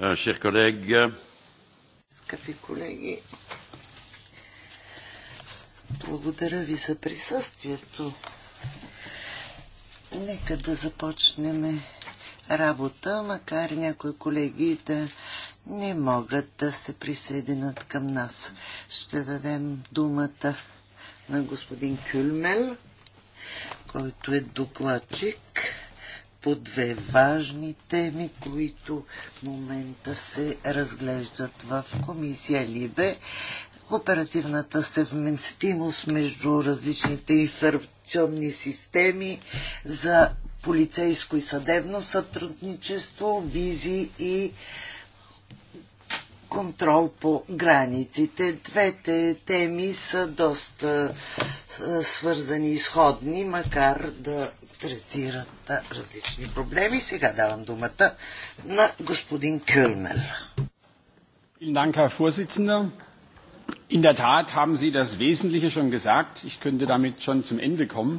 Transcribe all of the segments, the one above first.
Euh, chers collègues, Скъпи колеги, благодаря ви за присъствието. Нека да започнем работа, макар някои колеги да не могат да се присъединят към нас. Ще дадем думата на господин Кюлмел, който е докладчик по две важни теми, които в момента се разглеждат в комисия Либе. Оперативната съвместимост между различните информационни системи за полицейско и съдебно сътрудничество, визи и контрол по границите. Двете теми са доста свързани и сходни, макар да третират различни проблеми. Сега давам думата на господин Кюлмел. Herr Vorsitzender. In der Tat haben Sie das Wesentliche schon gesagt. Ich könnte damit schon zum Ende kommen,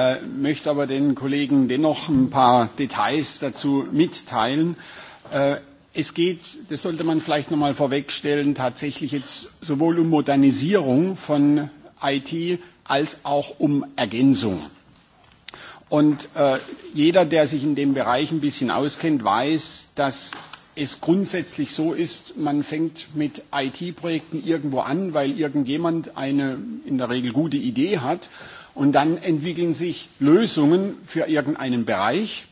äh, möchte aber den Kollegen dennoch ein paar Details dazu mitteilen. Äh, es geht, das sollte man vielleicht nochmal vorwegstellen, tatsächlich jetzt sowohl um Modernisierung von IT als auch um Ergänzung. Und äh, jeder, der sich in dem Bereich ein bisschen auskennt, weiß, dass es grundsätzlich so ist, man fängt mit IT-Projekten irgendwo an, weil irgendjemand eine in der Regel gute Idee hat. Und dann entwickeln sich Lösungen für irgendeinen Bereich.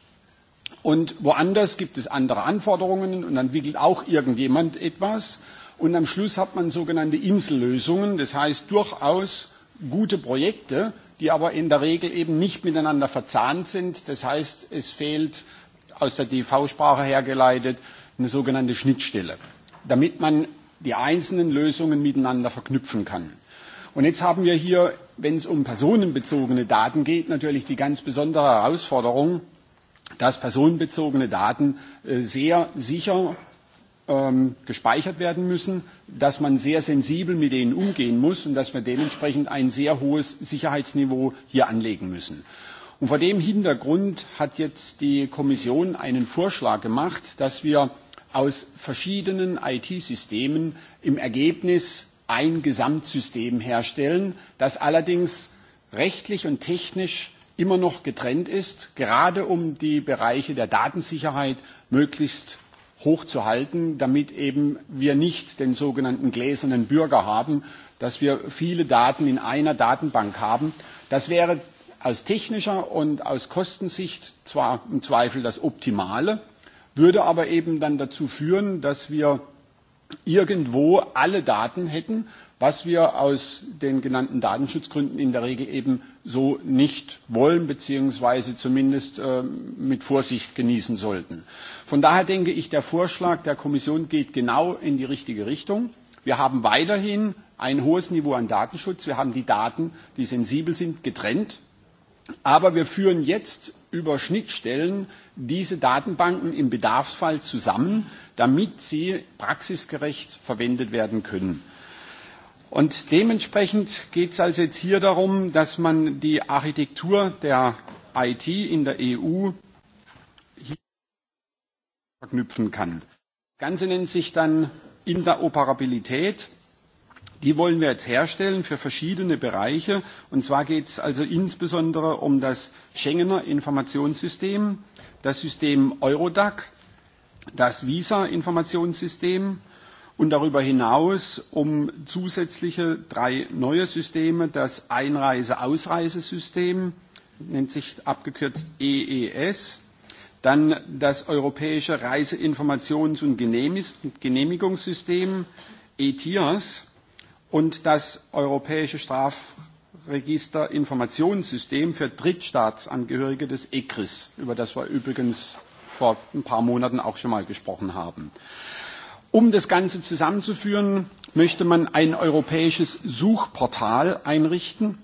Und woanders gibt es andere Anforderungen und dann entwickelt auch irgendjemand etwas. Und am Schluss hat man sogenannte Insellösungen, das heißt durchaus gute Projekte, die aber in der Regel eben nicht miteinander verzahnt sind. Das heißt, es fehlt aus der DV-Sprache hergeleitet eine sogenannte Schnittstelle, damit man die einzelnen Lösungen miteinander verknüpfen kann. Und jetzt haben wir hier, wenn es um personenbezogene Daten geht, natürlich die ganz besondere Herausforderung, dass personenbezogene Daten sehr sicher gespeichert werden müssen, dass man sehr sensibel mit denen umgehen muss und dass wir dementsprechend ein sehr hohes Sicherheitsniveau hier anlegen müssen. Und vor dem Hintergrund hat jetzt die Kommission einen Vorschlag gemacht, dass wir aus verschiedenen IT-Systemen im Ergebnis ein Gesamtsystem herstellen, das allerdings rechtlich und technisch immer noch getrennt ist, gerade um die Bereiche der Datensicherheit möglichst hochzuhalten, damit eben wir nicht den sogenannten gläsernen Bürger haben, dass wir viele Daten in einer Datenbank haben. Das wäre aus technischer und aus Kostensicht zwar im Zweifel das Optimale, würde aber eben dann dazu führen, dass wir irgendwo alle Daten hätten, was wir aus den genannten Datenschutzgründen in der Regel eben so nicht wollen, beziehungsweise zumindest mit Vorsicht genießen sollten. Von daher denke ich, der Vorschlag der Kommission geht genau in die richtige Richtung. Wir haben weiterhin ein hohes Niveau an Datenschutz. Wir haben die Daten, die sensibel sind, getrennt. Aber wir führen jetzt über Schnittstellen diese Datenbanken im Bedarfsfall zusammen, damit sie praxisgerecht verwendet werden können. Und dementsprechend geht es also jetzt hier darum, dass man die Architektur der IT in der EU hier verknüpfen kann. Das Ganze nennt sich dann Interoperabilität. Die wollen wir jetzt herstellen für verschiedene Bereiche. Und zwar geht es also insbesondere um das Schengener Informationssystem, das System Eurodac, das Visa-Informationssystem, und darüber hinaus um zusätzliche drei neue Systeme, das Einreise-Ausreisesystem, nennt sich abgekürzt EES, dann das europäische Reiseinformations- und Genehmigungssystem ETIAS und das europäische Strafregisterinformationssystem für Drittstaatsangehörige des ECRIS, über das wir übrigens vor ein paar Monaten auch schon mal gesprochen haben. Um das Ganze zusammenzuführen, möchte man ein europäisches Suchportal einrichten,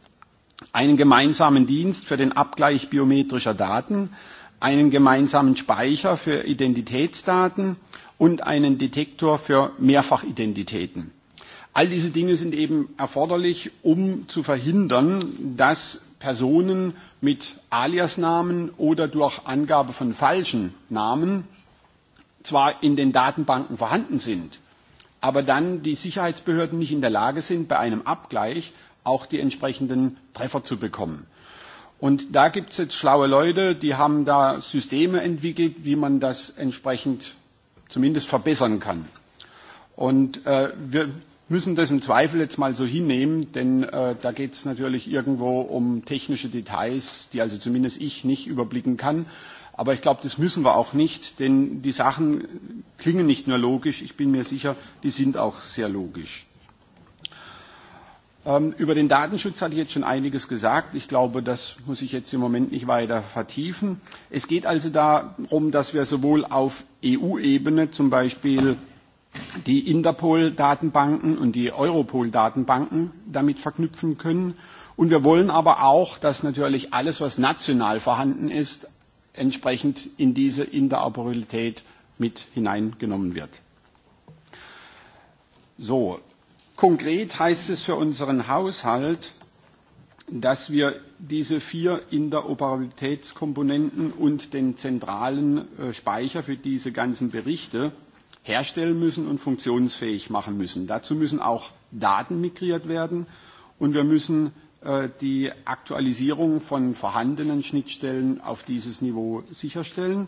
einen gemeinsamen Dienst für den Abgleich biometrischer Daten, einen gemeinsamen Speicher für Identitätsdaten und einen Detektor für Mehrfachidentitäten. All diese Dinge sind eben erforderlich, um zu verhindern, dass Personen mit Aliasnamen oder durch Angabe von falschen Namen zwar in den Datenbanken vorhanden sind, aber dann die Sicherheitsbehörden nicht in der Lage sind, bei einem Abgleich auch die entsprechenden Treffer zu bekommen. Und da gibt es jetzt schlaue Leute, die haben da Systeme entwickelt, wie man das entsprechend zumindest verbessern kann. Und äh, wir müssen das im Zweifel jetzt mal so hinnehmen, denn äh, da geht es natürlich irgendwo um technische Details, die also zumindest ich nicht überblicken kann. Aber ich glaube, das müssen wir auch nicht, denn die Sachen klingen nicht nur logisch, ich bin mir sicher, die sind auch sehr logisch. Über den Datenschutz hatte ich jetzt schon einiges gesagt. Ich glaube, das muss ich jetzt im Moment nicht weiter vertiefen. Es geht also darum, dass wir sowohl auf EU-Ebene zum Beispiel die Interpol-Datenbanken und die Europol-Datenbanken damit verknüpfen können. Und wir wollen aber auch, dass natürlich alles, was national vorhanden ist, entsprechend in diese Interoperabilität mit hineingenommen wird. So, konkret heißt es für unseren Haushalt, dass wir diese vier Interoperabilitätskomponenten und den zentralen Speicher für diese ganzen Berichte herstellen müssen und funktionsfähig machen müssen. Dazu müssen auch Daten migriert werden und wir müssen die Aktualisierung von vorhandenen Schnittstellen auf dieses Niveau sicherstellen.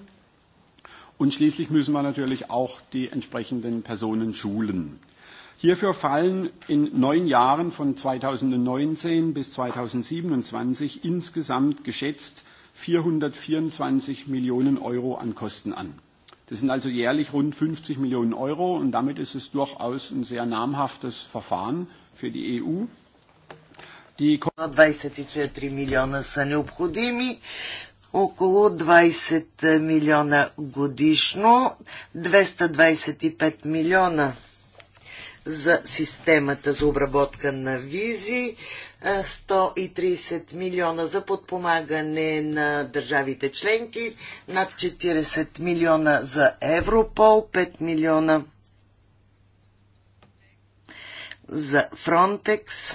Und schließlich müssen wir natürlich auch die entsprechenden Personen schulen. Hierfür fallen in neun Jahren von 2019 bis 2027 insgesamt geschätzt 424 Millionen Euro an Kosten an. Das sind also jährlich rund 50 Millionen Euro und damit ist es durchaus ein sehr namhaftes Verfahren für die EU. 24 милиона са необходими, около 20 милиона годишно, 225 милиона за системата за обработка на визи, 130 милиона за подпомагане на държавите членки, над 40 милиона за Европол, 5 милиона за Фронтекс.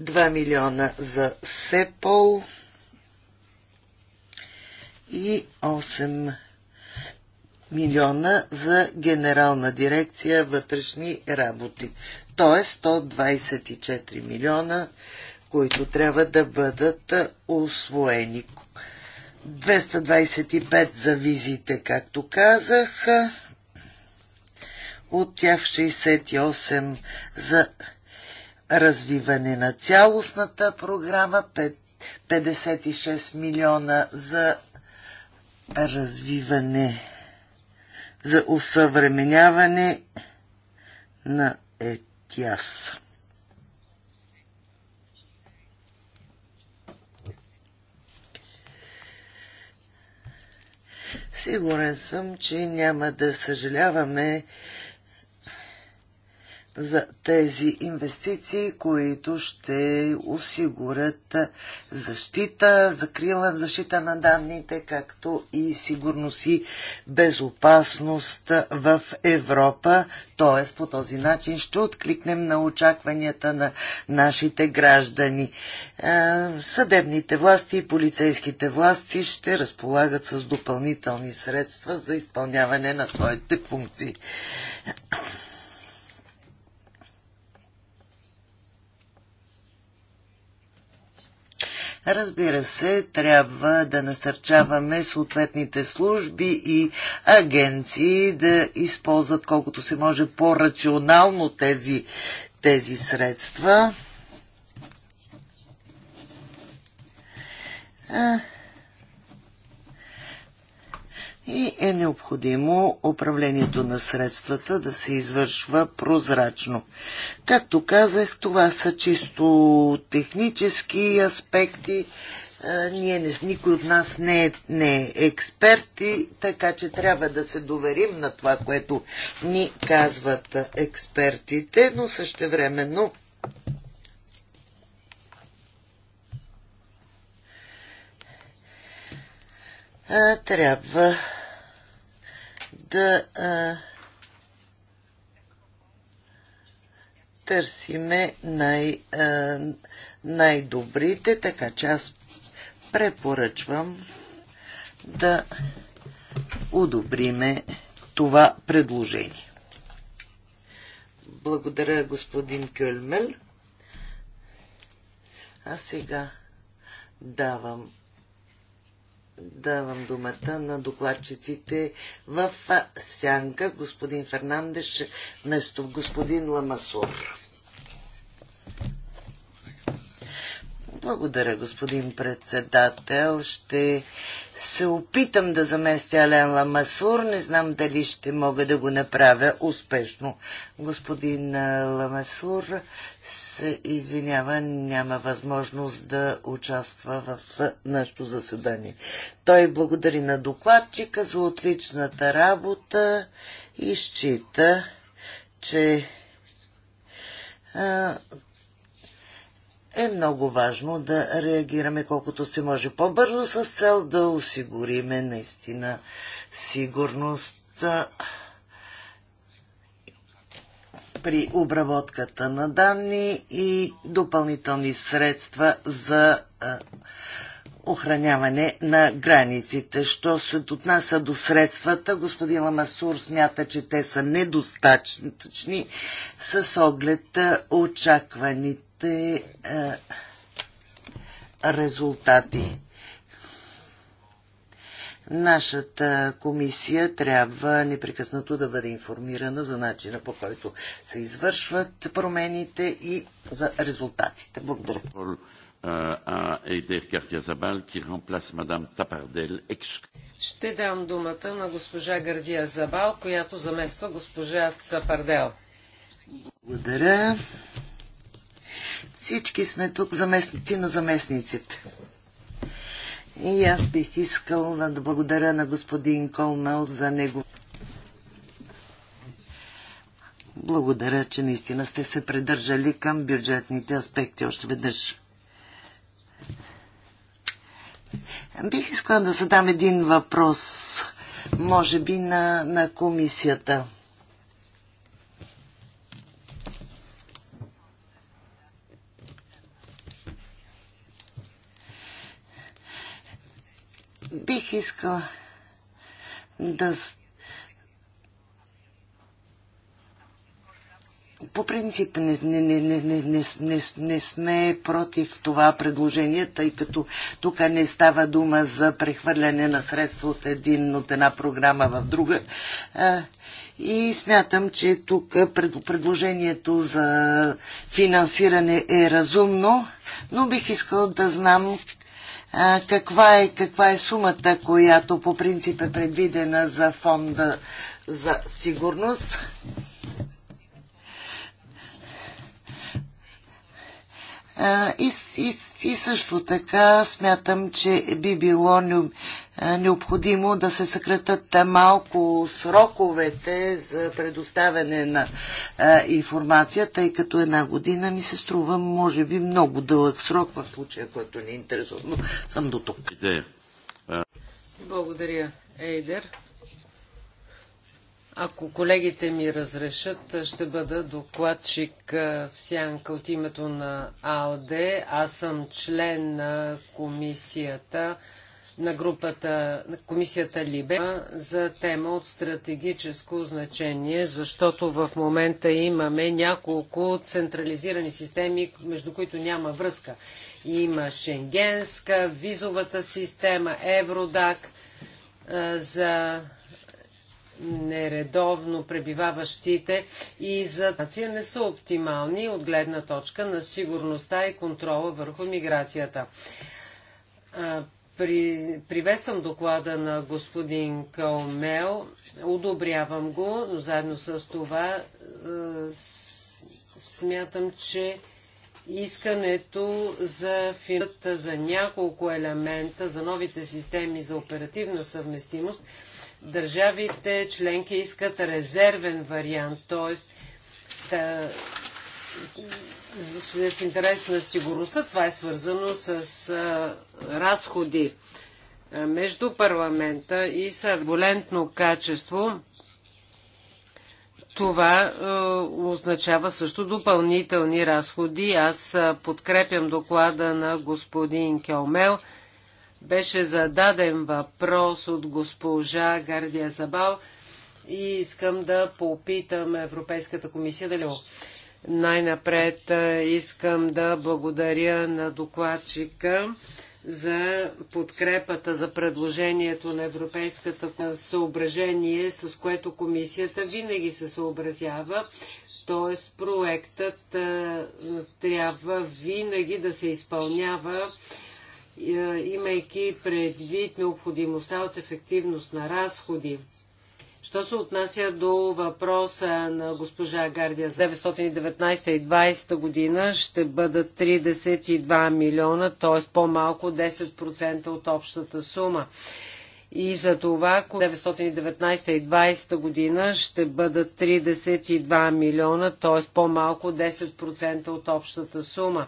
2 милиона за СЕПОЛ и 8 милиона за Генерална дирекция вътрешни работи. Тоест 124 милиона, които трябва да бъдат освоени. 225 за визите, както казах. От тях 68 за развиване на цялостната програма, 56 милиона за развиване, за усъвременяване на ЕТИАС. Сигурен съм, че няма да съжаляваме за тези инвестиции, които ще осигурят защита, закрила, защита на данните, както и сигурност и безопасност в Европа. Т.е. по този начин ще откликнем на очакванията на нашите граждани. Е, съдебните власти и полицейските власти ще разполагат с допълнителни средства за изпълняване на своите функции. Разбира се, трябва да насърчаваме съответните служби и агенции да използват колкото се може по-рационално тези, тези средства и е необходимо управлението на средствата да се извършва прозрачно. Както казах, това са чисто технически аспекти. Ние не, никой от нас не е, не е експерти, така че трябва да се доверим на това, което ни казват експертите, но същевременно трябва да а, търсиме най, а, най-добрите, така че аз препоръчвам да одобриме това предложение. Благодаря, господин Кюльмел. А сега давам давам думата на докладчиците в сянка. Господин Фернандеш вместо господин Ламасур. Благодаря, господин председател. Ще се опитам да заместя Ален Ламасур. Не знам дали ще мога да го направя успешно. Господин Ламасур се извинява, няма възможност да участва в нашето заседание. Той благодари на докладчика за отличната работа и счита, че е много важно да реагираме колкото се може по-бързо с цел да осигуриме наистина сигурност при обработката на данни и допълнителни средства за охраняване на границите. Що се отнася до средствата, господин Ламасур смята, че те са недостатъчни с оглед очакваните а, е, резултати. Нашата комисия трябва непрекъснато да бъде информирана за начина по който се извършват промените и за резултатите. Благодаря. Е, Ще дам думата на госпожа Гардия Забал, която замества госпожа Цапардел. Благодаря. Всички сме тук заместници на заместниците. И аз бих искал да благодаря на господин Колмел за него. Благодаря, че наистина сте се придържали към бюджетните аспекти още веднъж. Бих искала да задам един въпрос, може би на, на комисията. Бих искал да по принцип не, не, не, не, не, не, не, не сме против това предложение, тъй като тук не става дума за прехвърляне на средства от, един, от една програма в друга. И смятам, че тук предложението за финансиране е разумно, но бих искал да знам а, каква, е, каква е сумата, която по принцип е предвидена за фонда за сигурност? И, и, и също така смятам, че би било необходимо да се съкратат малко сроковете за предоставяне на информация, тъй като една година ми се струва, може би, много дълъг срок в случая, който ни е интересува. Но съм до тук. Благодаря, Ейдер. Ако колегите ми разрешат, ще бъда докладчик в сянка от името на АОД. Аз съм член на комисията на групата, на комисията Либе за тема от стратегическо значение, защото в момента имаме няколко централизирани системи, между които няма връзка. Има Шенгенска, визовата система, Евродак за нередовно пребиваващите и за нация не са оптимални от гледна точка на сигурността и контрола върху миграцията. При, приветствам доклада на господин Калмел, одобрявам го, но заедно с това смятам, че искането за финалата за няколко елемента, за новите системи за оперативна съвместимост – Държавите членки искат резервен вариант, т.е. Та, в интерес на сигурността това е свързано с а, разходи а, между парламента и съволентно качество. Това е, означава също допълнителни разходи. Аз подкрепям доклада на господин Келмел. Беше зададен въпрос от госпожа Гардия Забал и искам да попитам Европейската комисия дали. Най-напред е, искам да благодаря на докладчика за подкрепата за предложението на Европейската съображение, с което комисията винаги се съобразява. Т.е. проектът е, трябва винаги да се изпълнява е, имайки предвид необходимостта от ефективност на разходи. Що се отнася до въпроса на госпожа Гардия за 919 и 20 година ще бъдат 32 милиона, т.е. по-малко 10% от общата сума. И за това 919 и 20 година ще бъдат 32 милиона, т.е. по-малко 10% от общата сума.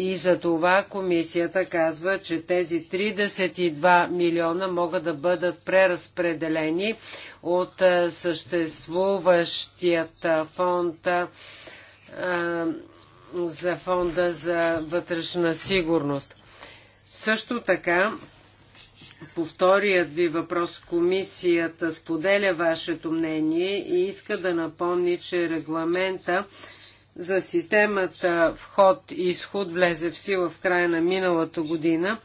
И за това комисията казва, че тези 32 милиона могат да бъдат преразпределени от съществуващият фонд за фонда за вътрешна сигурност. Също така, по вторият ви въпрос, комисията споделя вашето мнение и иска да напомни, че регламента за системата вход-изход влезе в сила в края на миналата година.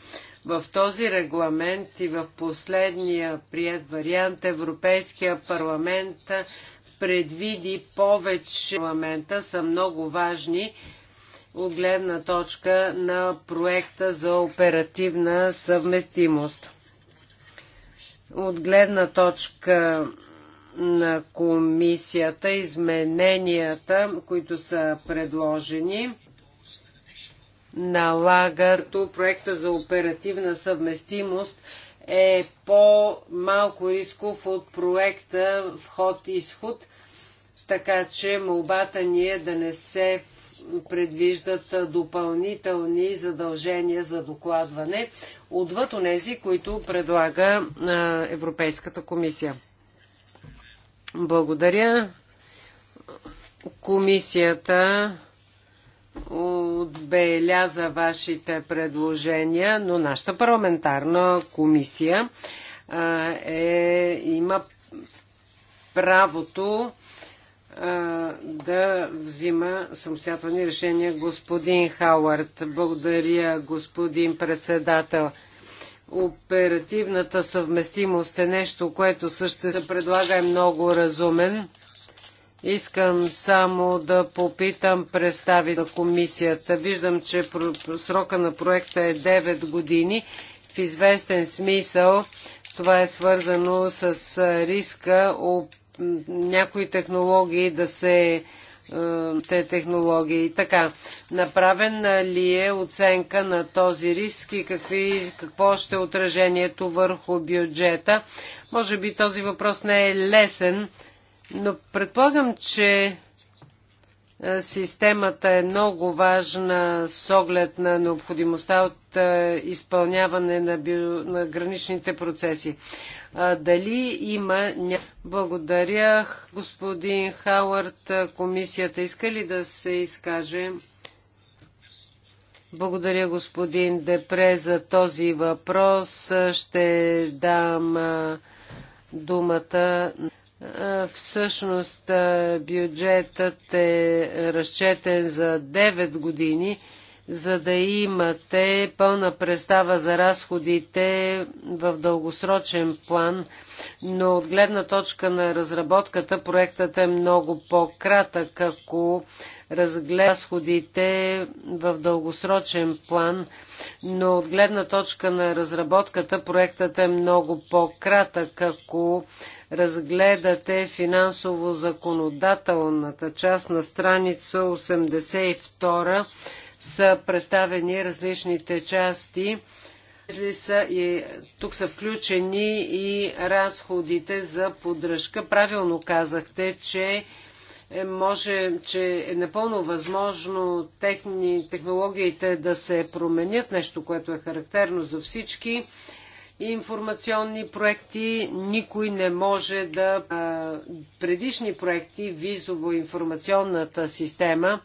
В този регламент и в последния прият вариант Европейския парламент предвиди повече регламента, са много важни от гледна точка на проекта за оперативна съвместимост. От гледна точка на комисията, измененията, които са предложени, налагато проекта за оперативна съвместимост е по-малко рисков от проекта вход-изход, така че молбата ни е да не се предвиждат допълнителни задължения за докладване, отвъд онези, които предлага Европейската комисия. Благодаря. Комисията отбеляза вашите предложения, но нашата парламентарна комисия е, има правото да взима самостоятелни решения господин Хауърд. Благодаря, господин председател. Оперативната съвместимост е нещо, което също се предлага е много разумен. Искам само да попитам представи на комисията. Виждам, че срока на проекта е 9 години. В известен смисъл това е свързано с риска някои технологии да се е, те технологии. Така, направена ли е оценка на този риск и какви, какво ще е отражението върху бюджета? Може би този въпрос не е лесен, но предполагам, че е, системата е много важна с оглед на необходимостта от е, изпълняване на, био, на граничните процеси. Е, дали има... Благодаря, господин Хауърд. Комисията иска ли да се изкаже? Благодаря, господин Депре, за този въпрос. Ще дам думата. Е, всъщност е, бюджетът е разчетен за 9 години, за да имате пълна представа за разходите в дългосрочен план, но от гледна точка на разработката проектът е много по-кратък, ако разгледа разходите в дългосрочен план, но от гледна точка на разработката проектът е много по-кратък, ако разгледате финансово-законодателната част на страница 82 са представени различните части. Са и, тук са включени и разходите за поддръжка. Правилно казахте, че е може, че е напълно възможно техни, технологиите да се променят, нещо, което е характерно за всички информационни проекти. Никой не може да... Предишни проекти, визово-информационната система,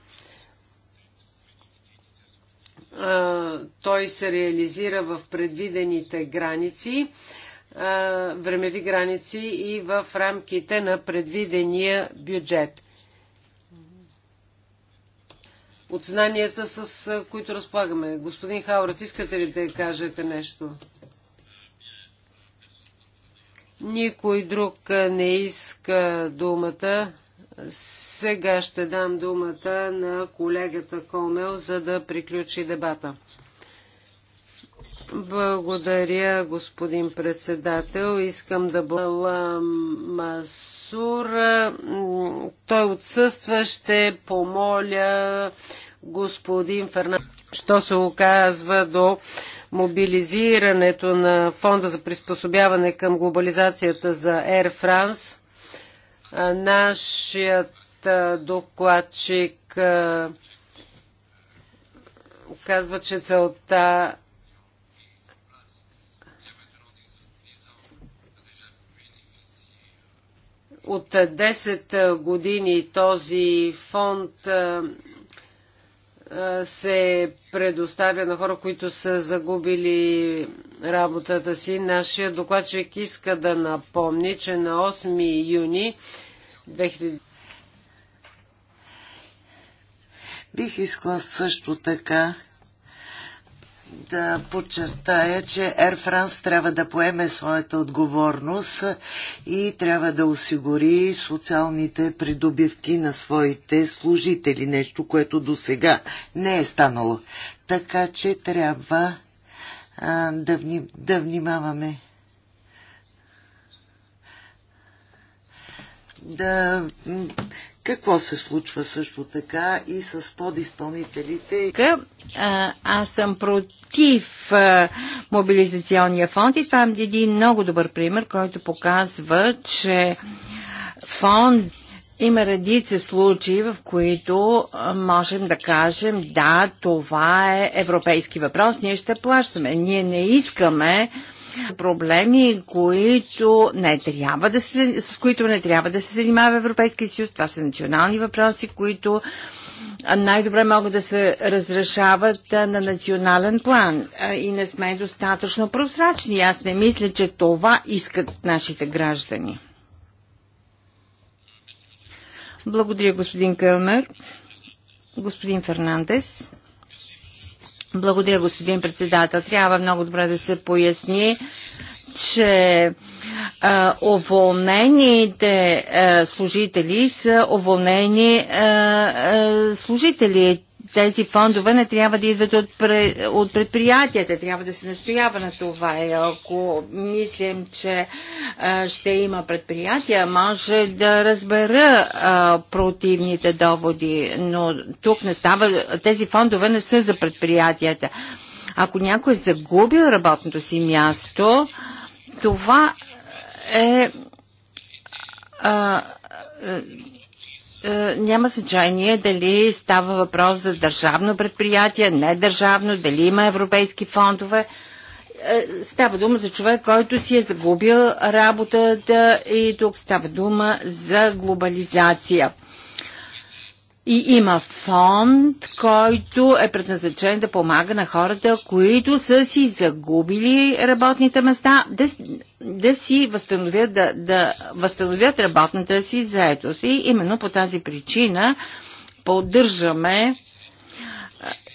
той се реализира в предвидените граници, времеви граници и в рамките на предвидения бюджет. От знанията, с които разполагаме. Господин Хаурат, искате ли да кажете нещо? Никой друг не иска думата. Сега ще дам думата на колегата Комел, за да приключи дебата. Благодаря, господин председател. Искам да бъла Масура. Той отсъства. Ще помоля господин Фернандо. Що се оказва до мобилизирането на фонда за приспособяване към глобализацията за Air France. Нашият докладчик казва, че целта от 10 години този фонд се предоставя на хора, които са загубили работата си. Нашия докладчик иска да напомни, че на 8 юни 2000... Бих искала също така да подчертая, че Air France трябва да поеме своята отговорност и трябва да осигури социалните придобивки на своите служители, нещо, което до сега не е станало. Така че трябва а, да, вни, да внимаваме. Да какво се случва също така и с подизпълнителите? Аз съм против мобилизационния фонд и това е един много добър пример, който показва, че фонд има редица случаи, в които можем да кажем, да, това е европейски въпрос, ние ще плащаме. Ние не искаме проблеми, които не трябва да се, с които не трябва да се занимава Европейския съюз. Това са национални въпроси, които най-добре могат да се разрешават на национален план и не сме достатъчно прозрачни. Аз не мисля, че това искат нашите граждани. Благодаря, господин Кълмер. Господин Фернандес. Благодаря, господин председател. Трябва много добре да се поясни, че а, уволнените а, служители са уволнени а, а, служители тези фондове не трябва да идват от, от предприятията, трябва да се настоява на това. И ако мислим, че а, ще има предприятия, може да разбера а, противните доводи, но тук не става, тези фондове не са за предприятията. Ако някой е загубил работното си място, това е а, е, няма значение дали става въпрос за държавно предприятие, не държавно, дали има европейски фондове. Е, става дума за човек, който си е загубил работата и тук става дума за глобализация. И има фонд, който е предназначен да помага на хората, които са си загубили работните места, да, да си възстановят, да, да възстановят работната си заетост. И именно по тази причина поддържаме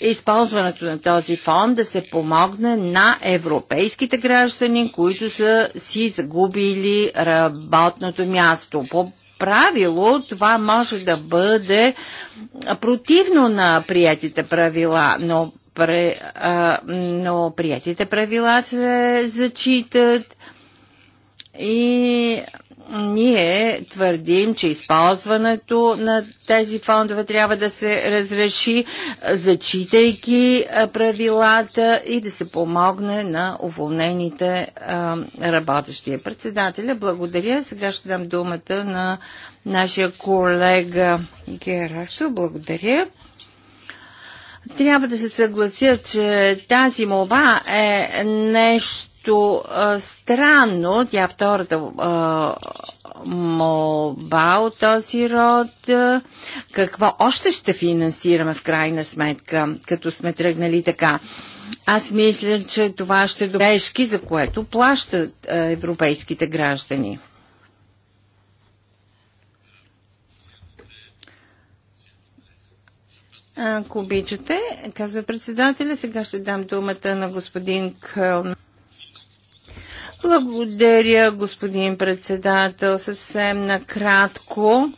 използването на този фонд да се помогне на европейските граждани, които са си загубили работното място. По правило, това може да бъде противно на приятите правила, но, пре, а, но приятите правила се зачитат и ние твърдим, че използването на тези фондове трябва да се разреши, зачитайки правилата и да се помогне на уволнените работещия. Председателя, благодаря. Сега ще дам думата на нашия колега Герасо. Благодаря. Трябва да се съглася, че тази молба е нещо нещо а, странно. Тя е втората а, молба от този род. А, какво още ще финансираме в крайна сметка, като сме тръгнали така? Аз мисля, че това ще е добрешки, за което плащат а, европейските граждани. Ако обичате, казва председателя, сега ще дам думата на господин Кълн. Благодаря, господин председател. Съвсем накратко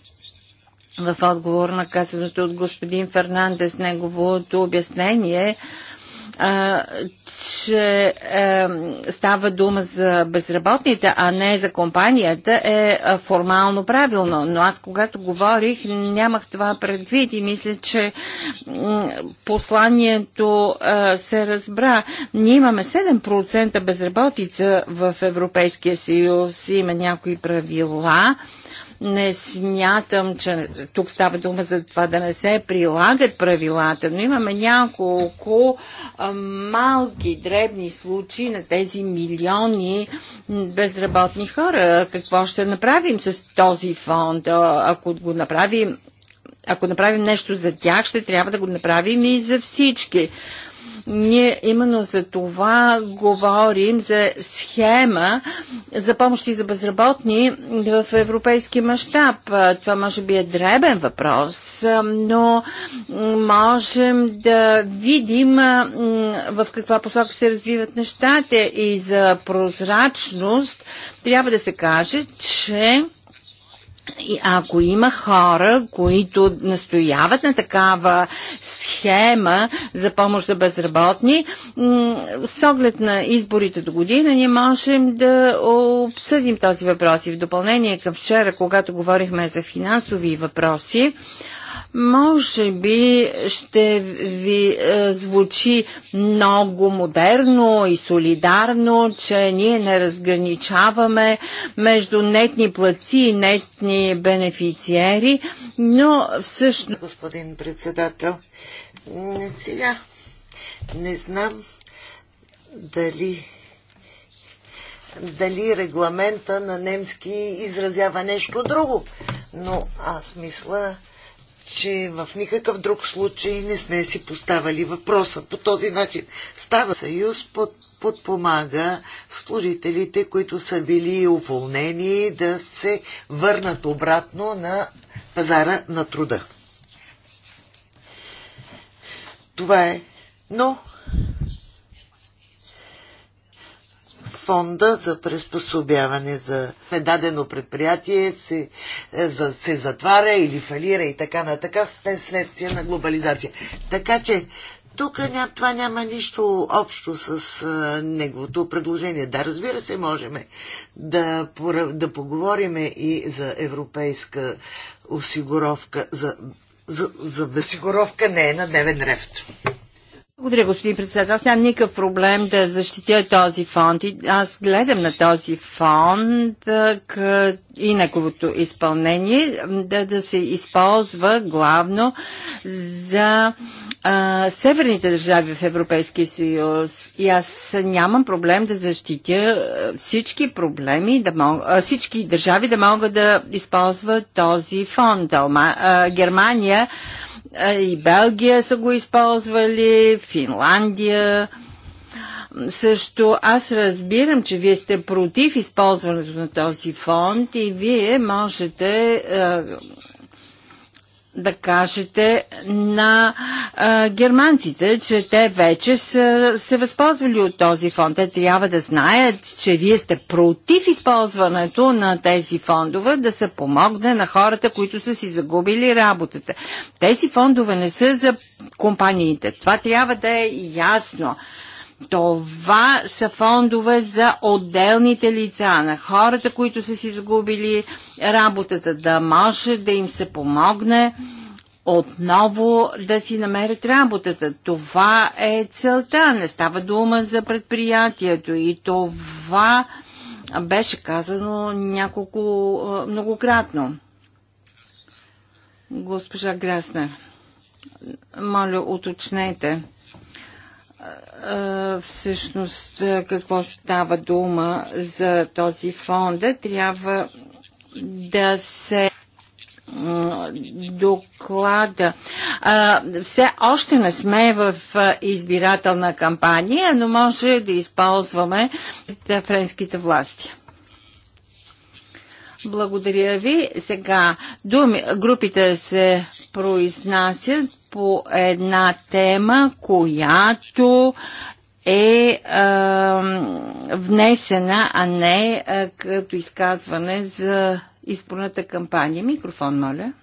в отговор на казаното от господин Фернандес неговото обяснение а, че става дума за безработните, а не за компанията, е формално правилно. Но аз, когато говорих, нямах това предвид и мисля, че посланието се разбра. Ние имаме 7% безработица в Европейския съюз, има някои правила не смятам, че тук става дума за това да не се прилагат правилата, но имаме няколко малки, дребни случаи на тези милиони безработни хора. Какво ще направим с този фонд? Ако го направим ако направим нещо за тях, ще трябва да го направим и за всички. Ние именно за това говорим за схема за помощи за безработни в европейски мащаб. Това може би е дребен въпрос, но можем да видим в каква посока се развиват нещата и за прозрачност трябва да се каже, че и ако има хора, които настояват на такава схема за помощ за безработни, с оглед на изборите до година, ние можем да обсъдим този въпрос. И в допълнение към вчера, когато говорихме за финансови въпроси, може би ще ви е, звучи много модерно и солидарно, че ние не разграничаваме между нетни плаци и нетни бенефициери, но всъщност... Господин председател, не сега не знам дали дали регламента на немски изразява нещо друго, но аз мисля, че в никакъв друг случай не сме си поставали въпроса. По този начин става съюз, под, подпомага служителите, които са били уволнени, да се върнат обратно на пазара на труда. Това е. Но фонда за приспособяване за дадено предприятие се, е, за, се затваря или фалира и така на така следствие на глобализация. Така че тук ня, това няма нищо общо с а, е, неговото предложение. Да, разбира се, можем да, да поговорим и за европейска осигуровка, за, за, за осигуровка не е на дневен рефт. Благодаря, господин председател. Аз нямам никакъв проблем да защитя този фонд. И аз гледам на този фонд и неговото изпълнение да, да се използва главно за а, северните държави в Европейския съюз. И аз нямам проблем да защитя всички проблеми, да мог, а, всички държави да могат да използват този фонд. Алма, а, Германия и Белгия са го използвали, Финландия. Също аз разбирам, че вие сте против използването на този фонд и вие можете да кажете на а, германците, че те вече са се възползвали от този фонд. Те трябва да знаят, че вие сте против използването на тези фондове, да се помогне на хората, които са си загубили работата. Тези фондове не са за компаниите. Това трябва да е ясно. Това са фондове за отделните лица, на хората, които са си загубили работата, да може да им се помогне отново да си намерят работата. Това е целта. Не става дума за предприятието и това беше казано няколко многократно. Госпожа Грасна, моля, уточнете всъщност какво става дума за този фонд. Трябва да се доклада. А, все още не сме в избирателна кампания, но може да използваме френските власти. Благодаря ви. Сега думи, групите се произнасят по една тема, която е а, внесена, а не а, като изказване за изборната кампания. Микрофон, моля.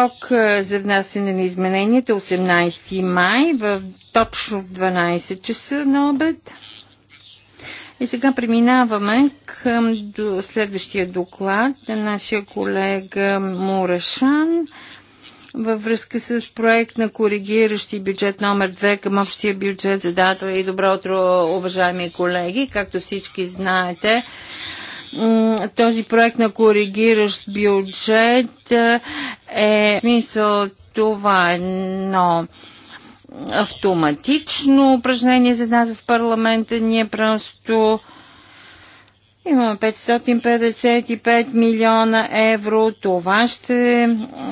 Срок е, за внасяне на измененията 18 е май в точно в 12 часа на обед. И сега преминаваме към до следващия доклад на нашия колега Мурашан във връзка с проект на коригиращи бюджет номер 2 към общия бюджет за дата и добро утро, уважаеми колеги. Както всички знаете, този проект на коригиращ бюджет е, е смисъл това е едно автоматично упражнение за нас в парламента. Ние просто Имаме 555 милиона евро. Това ще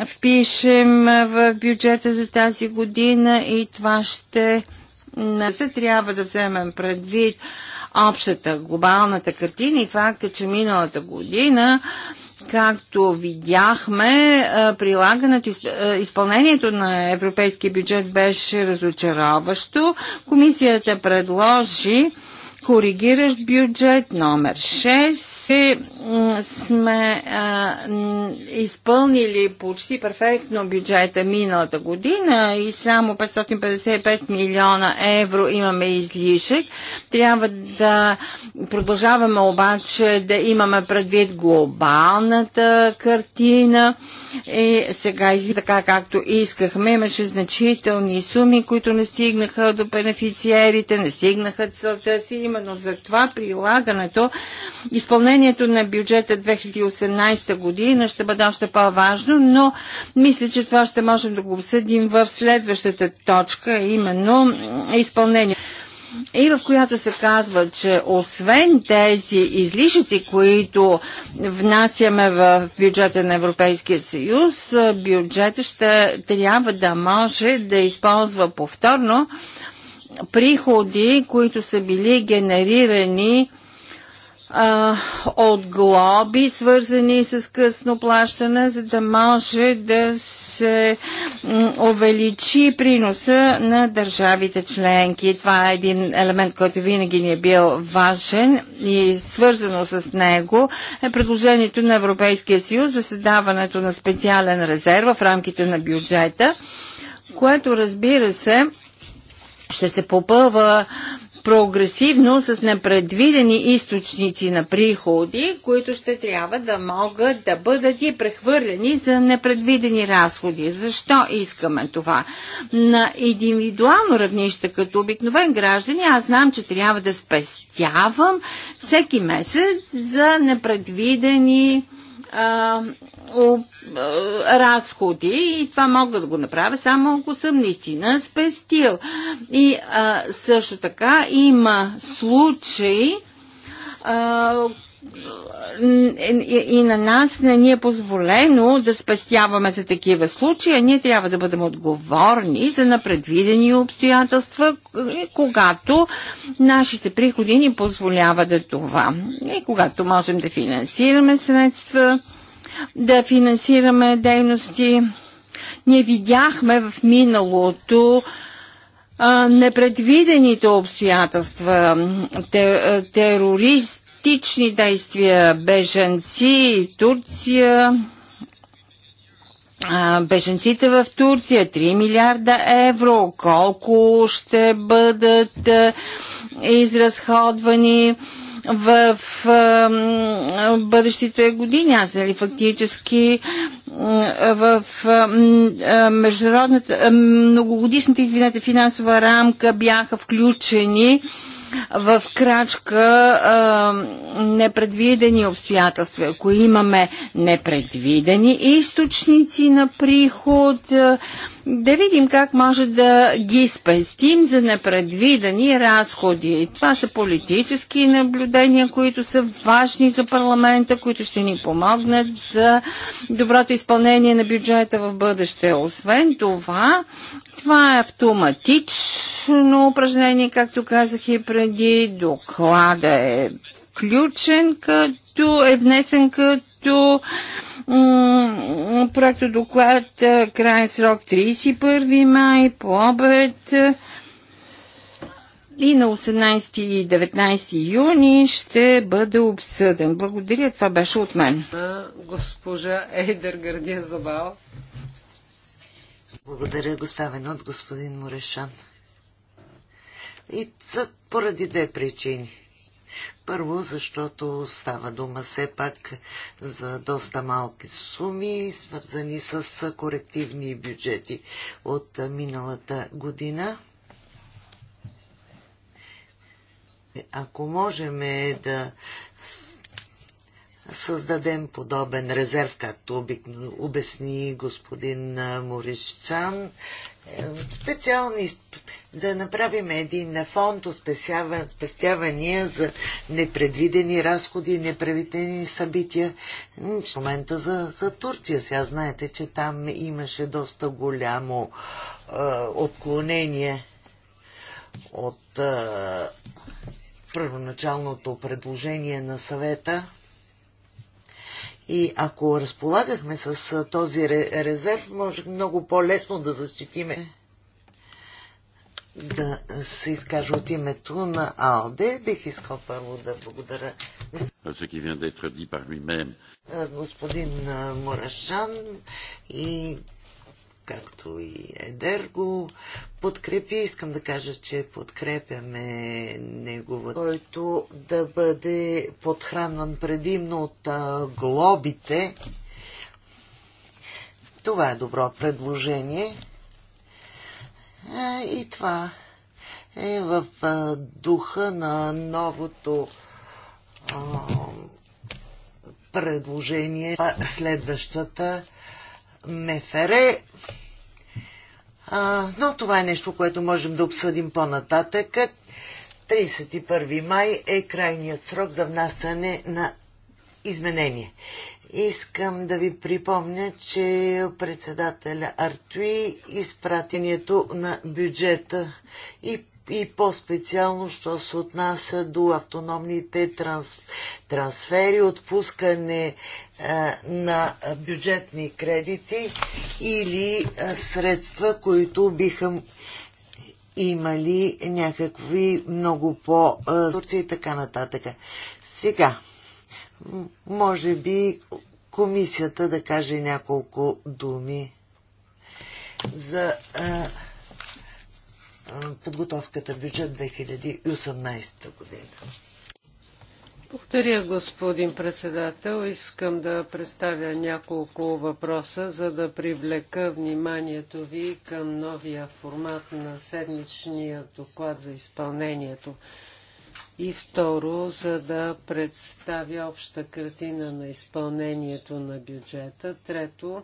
впишем в бюджета за тази година и това ще не се трябва да вземем предвид общата глобалната картина и факта, че миналата година Както видяхме, прилагането, изпълнението на европейския бюджет беше разочароващо. Комисията предложи Коригиращ бюджет номер 6 сме а, изпълнили почти перфектно бюджета миналата година и само 555 милиона евро имаме излишък. Трябва да продължаваме обаче да имаме предвид глобалната картина и сега изли така както искахме. Имаше значителни суми, които не стигнаха до бенефициерите, не стигнаха целта си Именно за това прилагането, изпълнението на бюджета 2018 година ще бъде още по-важно, но мисля, че това ще можем да го обсъдим в следващата точка, именно изпълнение и в която се казва, че освен тези излишици, които внасяме в бюджета на Европейския съюз, бюджета ще трябва да може да използва повторно приходи, които са били генерирани а, от глоби, свързани с късно плащане, за да може да се увеличи приноса на държавите членки. Това е един елемент, който винаги ни е бил важен и свързано с него е предложението на Европейския съюз за създаването на специален резерв в рамките на бюджета, което разбира се ще се попълва прогресивно с непредвидени източници на приходи, които ще трябва да могат да бъдат и прехвърлени за непредвидени разходи. Защо искаме това? На индивидуално равнище, като обикновен граждани, аз знам, че трябва да спестявам всеки месец за непредвидени а, е, разходи и това мога да го направя само ако съм наистина спестил. И а, също така има случаи, а, е, е, и, на нас не ни е позволено да спестяваме за такива случаи, а ние трябва да бъдем отговорни за напредвидени обстоятелства, когато нашите приходи ни позволяват да това. И когато можем да финансираме средства да финансираме дейности. Ние видяхме в миналото а, непредвидените обстоятелства, терористични действия, беженци, Турция, беженците в Турция 3 милиарда евро, колко ще бъдат изразходвани в, в, в бъдещите години. Аз ли, нали, фактически в, в международната, многогодишната, извинете, финансова рамка бяха включени в крачка а, непредвидени обстоятелства. Ако имаме непредвидени източници на приход, а, да видим как може да ги спестим за непредвидени разходи. Това са политически наблюдения, които са важни за парламента, които ще ни помогнат за доброто изпълнение на бюджета в бъдеще. Освен това, това е автоматично упражнение, както казах и преди. Доклада е включен като е внесен като проекто доклад е, крайен срок 31 май по обед и на 18 и 19 юни ще бъде обсъден. Благодаря, това беше от мен. Госпожа Ейдер Гардия Забал. Благодаря, доставен от господин Морешан. И за, поради две причини. Първо, защото става дума все пак за доста малки суми, свързани с корективни бюджети от миналата година. Ако можем да създадем подобен резерв, както обясни господин Моришцан. Е, специални, да направим един фонд от спестявания за непредвидени разходи, непредвидени събития. В момента за, за Турция сега знаете, че там имаше доста голямо е, отклонение от е, първоначалното предложение на съвета. И ако разполагахме с този резерв, може много по-лесно да защитиме да се изкажа от името на Алде, Бих искал първо да благодаря господин Мурашан и както и Едерго подкрепи. Искам да кажа, че подкрепяме неговата, който да бъде подхранван предимно от а, глобите. Това е добро предложение. А, и това е в а, духа на новото а, предложение. Е следващата МФР. но това е нещо, което можем да обсъдим по-нататък. 31 май е крайният срок за внасяне на изменение. Искам да ви припомня, че председателя Артуи изпратението на бюджета и и по-специално, що се отнася до автономните транс, трансфери, отпускане а, е, на бюджетни кредити или а, е, средства, които биха имали някакви много по е, сурци и така нататък. Сега, може би комисията да каже няколко думи за а, подготовката бюджет 2018 година. Благодаря, господин председател. Искам да представя няколко въпроса, за да привлека вниманието ви към новия формат на седмичния доклад за изпълнението. И второ, за да представя обща картина на изпълнението на бюджета. Трето,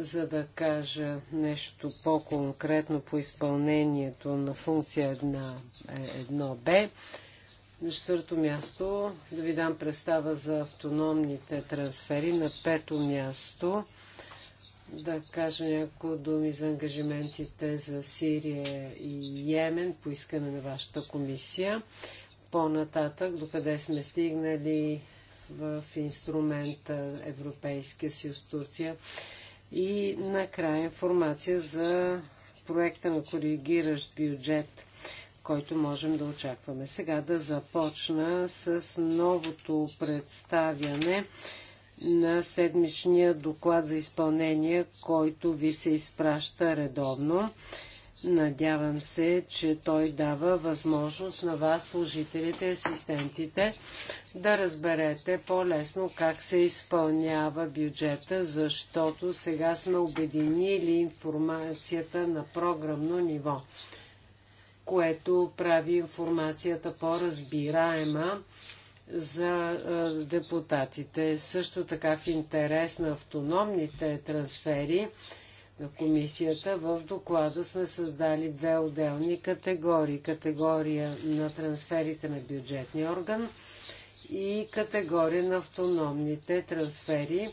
за да кажа нещо по-конкретно по изпълнението на функция 1Б, е, на четвърто място да ви дам представа за автономните трансфери. На пето място да кажа няколко думи за ангажиментите за Сирия и Йемен по искане на вашата комисия. По-нататък, докъде сме стигнали в инструмента Европейския съюз Турция и накрая информация за проекта на коригиращ бюджет, който можем да очакваме. Сега да започна с новото представяне на седмичния доклад за изпълнение, който ви се изпраща редовно. Надявам се, че той дава възможност на вас, служителите и асистентите, да разберете по-лесно как се изпълнява бюджета, защото сега сме обединили информацията на програмно ниво, което прави информацията по-разбираема за депутатите. Също така в интерес на автономните трансфери на комисията. В доклада сме създали две отделни категории. Категория на трансферите на бюджетния орган и категория на автономните трансфери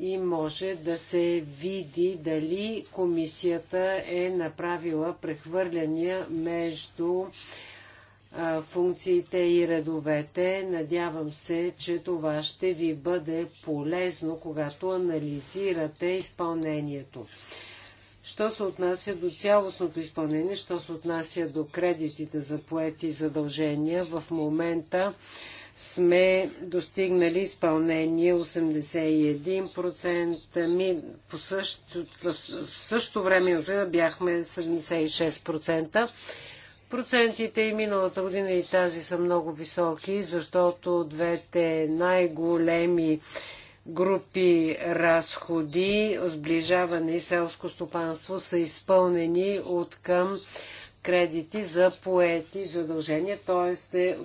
и може да се види дали комисията е направила прехвърляния между функциите и редовете. Надявам се, че това ще ви бъде полезно, когато анализирате изпълнението. Що се отнася до цялостното изпълнение, що се отнася до кредитите за поети и задължения, в момента сме достигнали изпълнение 81%, ми, по също, в същото време бяхме 76%. Процентите и миналата година и тази са много високи, защото двете най-големи групи разходи, сближаване и селско стопанство са изпълнени от към кредити за поети задължения, т.е. Е,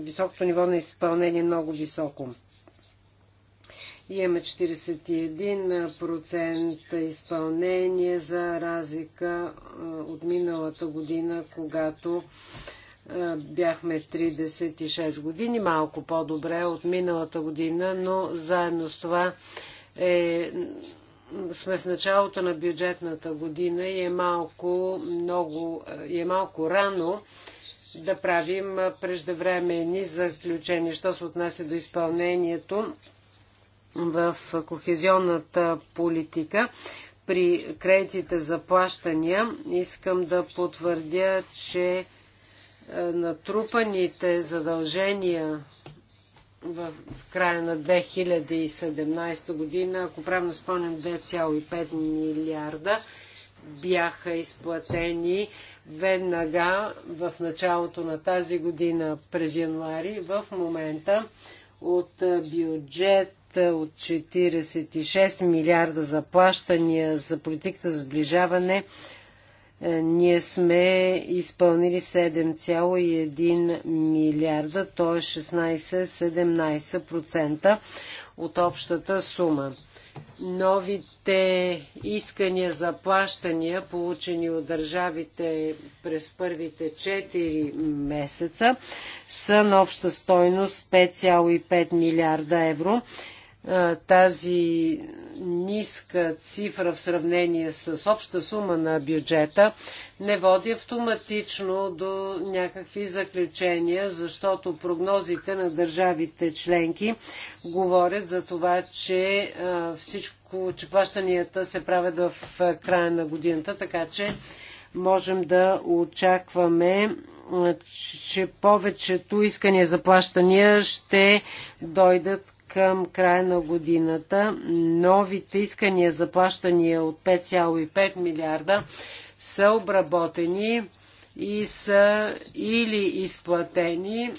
високото ниво на изпълнение е много високо. Имаме 41% изпълнение за разлика от миналата година, когато бяхме 36 години, малко по-добре от миналата година, но заедно с това е, сме в началото на бюджетната година и е малко, много, е малко рано да правим преждевременни заключения. Що се отнася до изпълнението, в кохезионната политика при кредитите за плащания, искам да потвърдя, че е, натрупаните задължения в, края на 2017 година, ако правилно спомням, 2,5 милиарда бяха изплатени веднага в началото на тази година през януари. В момента от е, бюджет от 46 милиарда заплащания за политиката за сближаване, е, ние сме изпълнили 7,1 милиарда, т.е. 16-17% от общата сума. Новите искания за плащания, получени от държавите през първите 4 месеца, са на обща стойност 5,5 милиарда евро тази ниска цифра в сравнение с обща сума на бюджета не води автоматично до някакви заключения, защото прогнозите на държавите членки говорят за това, че всичко, че плащанията се правят в края на годината, така че можем да очакваме че повечето искания за плащания ще дойдат към края на годината новите искания за плащания от 5,5 милиарда са обработени и са или изплатени,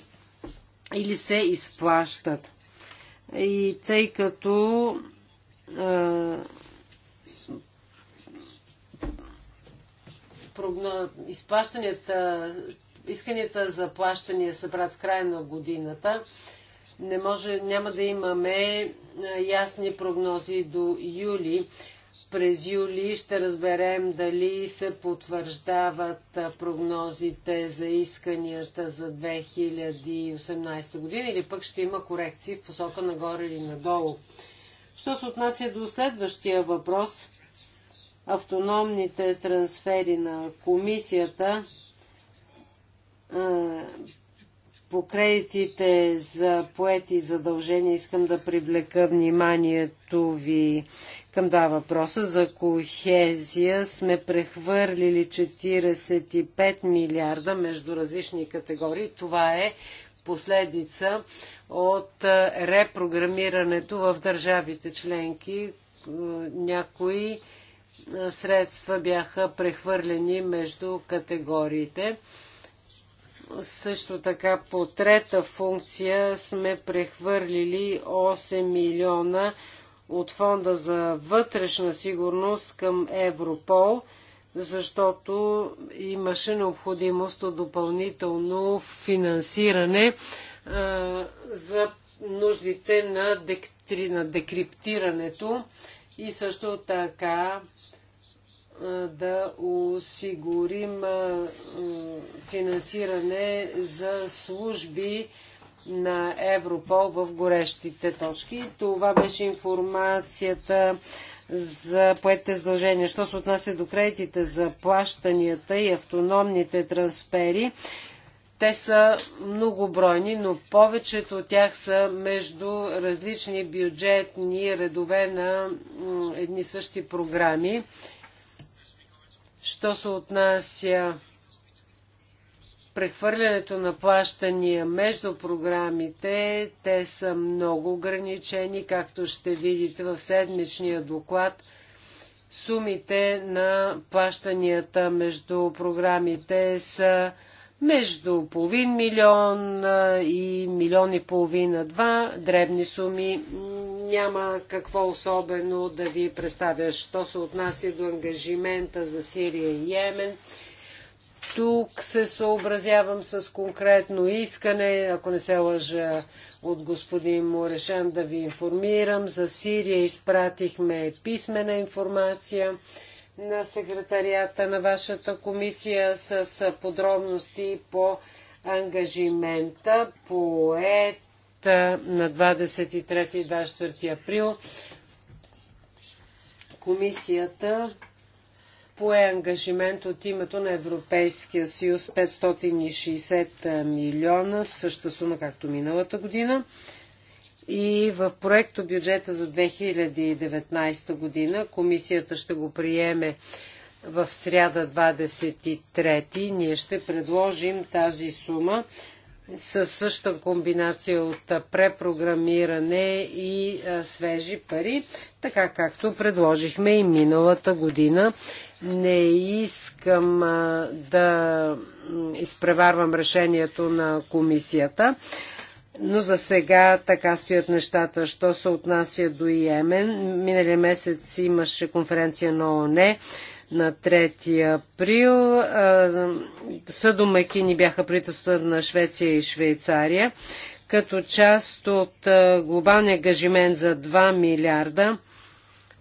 или се изплащат. И тъй като изплащанията, исканията за плащания събрат в края на годината, не може, няма да имаме ясни прогнози до юли. През юли ще разберем дали се потвърждават прогнозите за исканията за 2018 година или пък ще има корекции в посока нагоре или надолу. Що се отнася до следващия въпрос, автономните трансфери на комисията, по кредитите за поети задължения искам да привлека вниманието ви към два въпроса. За кохезия сме прехвърлили 45 милиарда между различни категории. Това е последица от репрограмирането в държавите членки. Някои средства бяха прехвърлени между категориите. Също така по трета функция сме прехвърлили 8 милиона от фонда за вътрешна сигурност към Европол, защото имаше необходимост от допълнително финансиране а, за нуждите на, дек, на декриптирането и също така да осигурим финансиране за служби на Европол в горещите точки. Това беше информацията за поетите задължения. Що се отнася до кредитите за плащанията и автономните трансфери, те са многобройни, но повечето от тях са между различни бюджетни редове на едни същи програми. Що се отнася прехвърлянето на плащания между програмите, те са много ограничени, както ще видите в седмичния доклад. Сумите на плащанията между програмите са между половин милион и милион и половина, два дребни суми. Няма какво особено да ви представя, що се отнася до ангажимента за Сирия и Йемен. Тук се съобразявам с конкретно искане, ако не се лъжа от господин Морешан, да ви информирам. За Сирия изпратихме писмена информация на секретарията на вашата комисия с подробности по ангажимента поет на 23 и 24 април. Комисията пое ангажимент от името на Европейския съюз 560 милиона, същата сума както миналата година и в проекто бюджета за 2019 година. Комисията ще го приеме в сряда 23. Ние ще предложим тази сума със същата комбинация от препрограмиране и свежи пари, така както предложихме и миналата година. Не искам да изпреварвам решението на комисията. Но за сега така стоят нещата. Що се отнася до Йемен, миналия месец имаше конференция на ОНЕ на 3 април. Съдомакини бяха правителства на Швеция и Швейцария. Като част от глобалния ангажимент за 2 милиарда,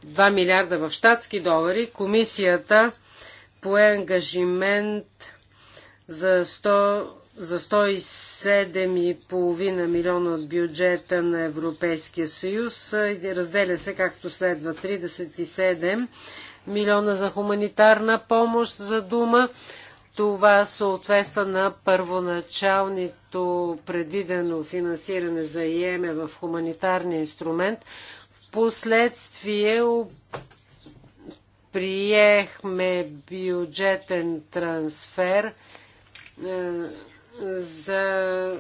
2 милиарда в щатски долари, комисията пое ангажимент за 100 за 107 7,5 милиона от бюджета на Европейския съюз. Разделя се както следва 37 милиона за хуманитарна помощ за дума. Това съответства на първоначалното предвидено финансиране за ИЕМЕ в хуманитарния инструмент. В последствие приехме бюджетен трансфер е, – за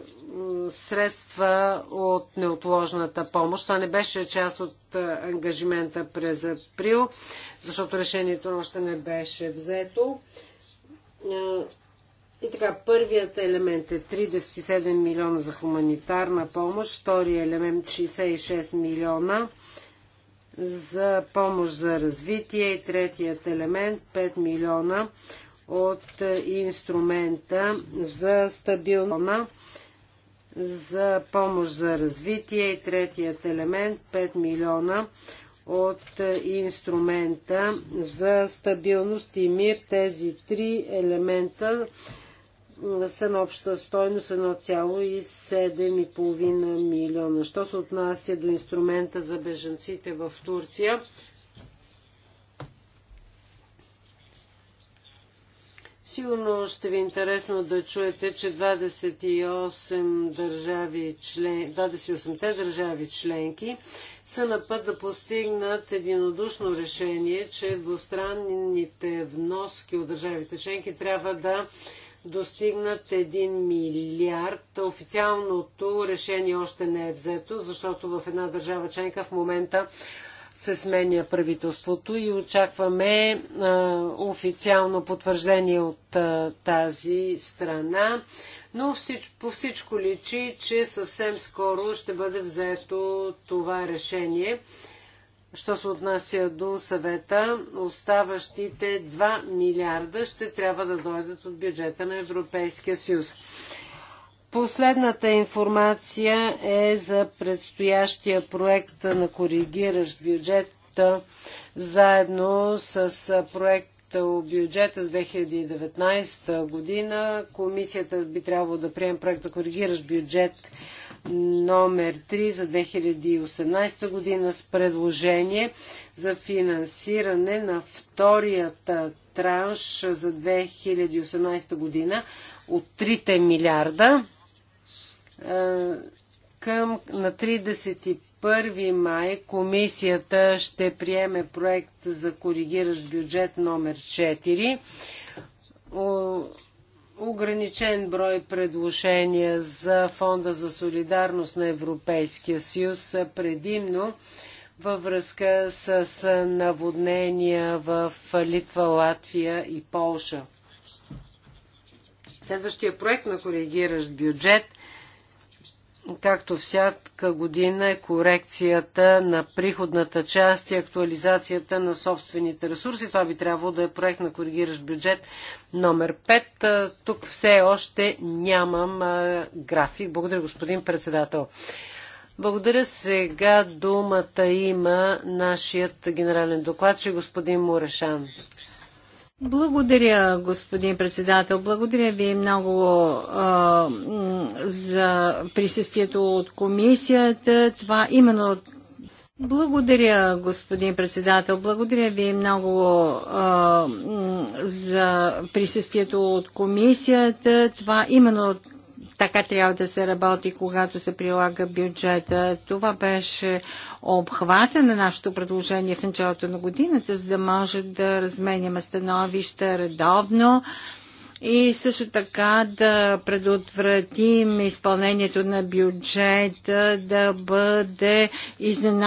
средства от неотложната помощ. Това не беше част от ангажимента през април, защото решението още не беше взето. И така, първият елемент е 37 милиона за хуманитарна помощ, вторият елемент 66 милиона за помощ за развитие и третият елемент 5 милиона от инструмента за стабилна за помощ за развитие и третият елемент 5 милиона от инструмента за стабилност и мир. Тези три елемента са на обща стойност 1,7,5 милиона. Що се отнася до инструмента за беженците в Турция, Сигурно ще ви е интересно да чуете, че 28 държави член... 28-те държави членки са на път да постигнат единодушно решение, че двустранните вноски от държавите членки трябва да достигнат 1 милиард. Официалното решение още не е взето, защото в една държава членка в момента се сменя правителството и очакваме а, официално потвърждение от а, тази страна. Но всич, по всичко личи, че съвсем скоро ще бъде взето това решение. Що се отнася до съвета, оставащите 2 милиарда ще трябва да дойдат от бюджета на Европейския съюз. Последната информация е за предстоящия проект на коригиращ бюджет заедно с проект бюджета с 2019 година. Комисията би трябвало да приеме проекта коригиращ бюджет номер 3 за 2018 година с предложение за финансиране на вторият транш за 2018 година от 3 милиарда. Е, към, на 31 май комисията ще приеме проект за коригиращ бюджет номер 4. Ограничен брой предложения за Фонда за солидарност на Европейския съюз предимно във връзка с наводнения в Литва, Латвия и Полша. Следващия проект на коригиращ бюджет – както всяка година, е корекцията на приходната част и актуализацията на собствените ресурси. Това би трябвало да е проект на коригиращ бюджет номер 5. Тук все още нямам график. Благодаря, господин председател. Благодаря. Сега думата има нашият генерален докладчик господин Морешан. Благодаря, господин председател. Благодаря ви много а, за присъствието от комисията. Това именно. Благодаря, господин председател. Благодаря ви много а, за присъствието от комисията. Това именно така трябва да се работи, когато се прилага бюджета. Това беше обхвата на нашето предложение в началото на годината, за да може да разменяме становища редовно и също така да предотвратим изпълнението на бюджета да бъде изненадано